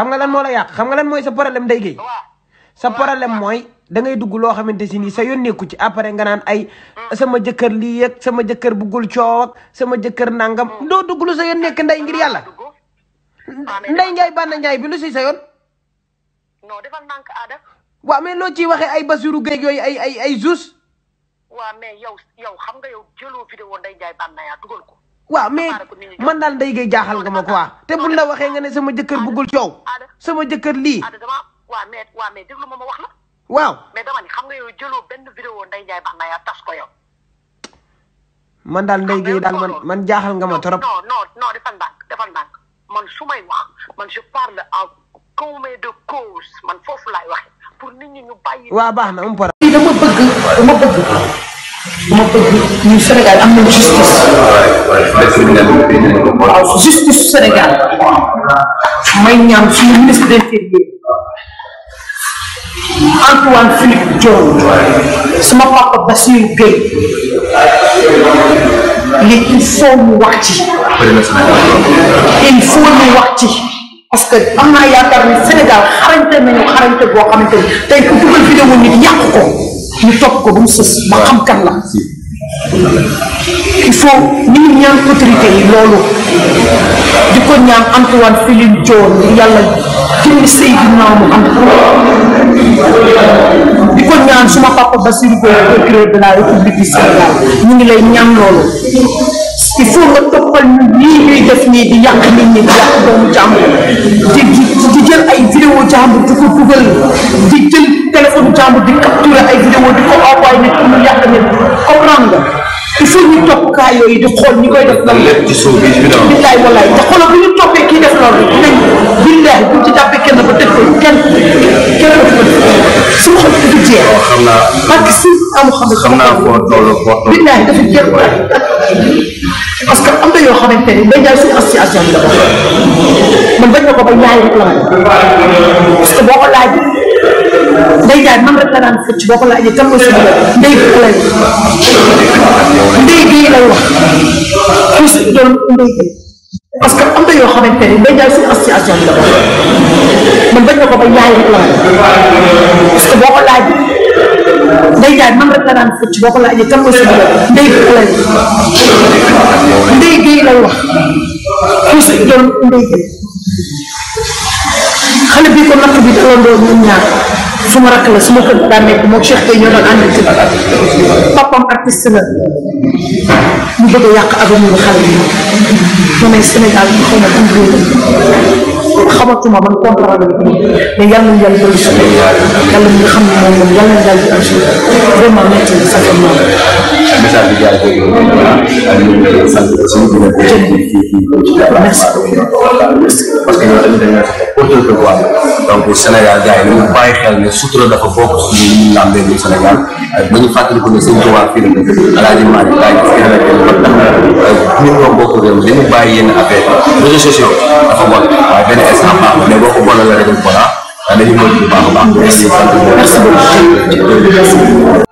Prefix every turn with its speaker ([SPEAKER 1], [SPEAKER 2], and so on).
[SPEAKER 1] xam nga lan moo la yàq xam nga lan mooy sa problème Ndeye Gueye sa problème mooy da ngay dugg loo xamante si nii sa yónneeku ci après nga naan ay mm. sama jëkkër lii yëg sama jëkkër buggul coow sama jëkkër nangam mm. doo dugg lu sa yónneeku Ndeye ngir yàlla Ndeye Ndiaye Banda Ndiaye bi lu siy sa yoon.
[SPEAKER 2] non defal nànk aada.
[SPEAKER 1] waaw mais loo ciy waxee ay Basirou Gueye yooyu ay ay ay Zouz.
[SPEAKER 2] waaw mais yow yow xam nga yow jëloo vidéo Ndeye Ndiaye Banda yaa dugal ko.
[SPEAKER 1] waaw mais man daal Ndeye Gueye jaaxal nga ma quoi te buñ la waxee nga ne sama jëkkër bëggul coow sama jëkkër lii.
[SPEAKER 2] waaw mais waaw mais déglu ma ma wax la. waaw mais dama ni xam nga yow jëloo benn vidéo Ndeye Ndiaye baax na yaa tas ko yow.
[SPEAKER 1] man daal Ndeye Gueye daal man man jaaxal nga ma trop. non
[SPEAKER 2] non non defal ndànk defal ndànk man su may wax man je parle en commun de cause
[SPEAKER 1] man foofu laay waxee pour nit ñi ñu bàyyi. waaw baax na um par.
[SPEAKER 3] dama bëgg dama bëgg. ma bëgg ñu Sénégal am na justice. waaw justice Sénégal may ñaan suñu ministre de l'Intérieur Antoine papa Bassirou Gueye li il faut mu wax ci. il que am naa yaakaar ni Sénégal xarañte nañu xarañte boo xamante ni tey ku dugal vidéo nit yàq ko. ñu topp ko bu mu sës ba xam kan la il faut ñu ñaan autorité yi loolu di ko ñaan Antoine Félix Diome yàlla jënd Seydina Mouhamed di ko ñaan suma papa Bassirou Gueye procureur de la République du Sénégal ñu ngi lay ñaan loolu il faut nga toppal ñu lii ñuy def nii di yàq nit ñi di yàq doomu jàmbur di di ay vidéo jàmbur di ko dugal di jël téléphone jàmbur di capturer ay vidéo di ko envoyé nit pour ñu yàq nit comprendre nga il faut ñu topp kaa yooyu di xool ñi koy def lan lépp ci suuf bi billaay wallaay te xoolal bu ñu toppee kii def loolu dinañ billaay bu ci jàppee kenn ba tëj ko kenn kenn ko fa su ma xam du jeex xam naa parce que si amu xam xam naa ko loolu billaay dafa jeex parce que am na yoo xamante ni day jaay suñu association bi la man bañ na ko ba ñaari rek la parce que boo ko laaj day jaay man rek la daan fëcc boo ko laajee kan aussi bi la ndey bi lay wax ndey bi lay wax tous doon ndey bi parce que am na yoo xamante ni day jaay suñu ko man bañ na ko ba yaay rek la parce que boo ko laajee day jaay man rek la daan fëcc boo ko laajee kan aussi bi la ndey bi lay wax ndey bi lay wax tous doon ndey bi suma rakk la suma kër daan nekk moom Cheikh Gueye ñoo doon ànd ci papam artiste la mu bëgg a yàq avenir xale yi mu ne Sénégal xaw ma am xamatuma man comprendre mais yàlla nañu yàlla dolli sa bopp yàlla nañu xam ne moom moom yàlla nañu daal di am si vraiment métti na sax moom. message bi jaay ko yow sant aussi dina ko kii kii merci parce que yow tamit da nga porteur de voix donc Sénégal gars yi dañu bàyyi xel ne sutura dafa bokk suñu ñu làmbee Sénégal ba ñu fàttaliku ne seen tubaab fii la dëkk Alaaji Maalik réew dañu bàyyi yenn affaire réseaux sociaux a bon waaye benn instant baax na mais boo ko bonal la rek voilà ah. dañu mën bu baax a baax merci beaucoup merci beaucoup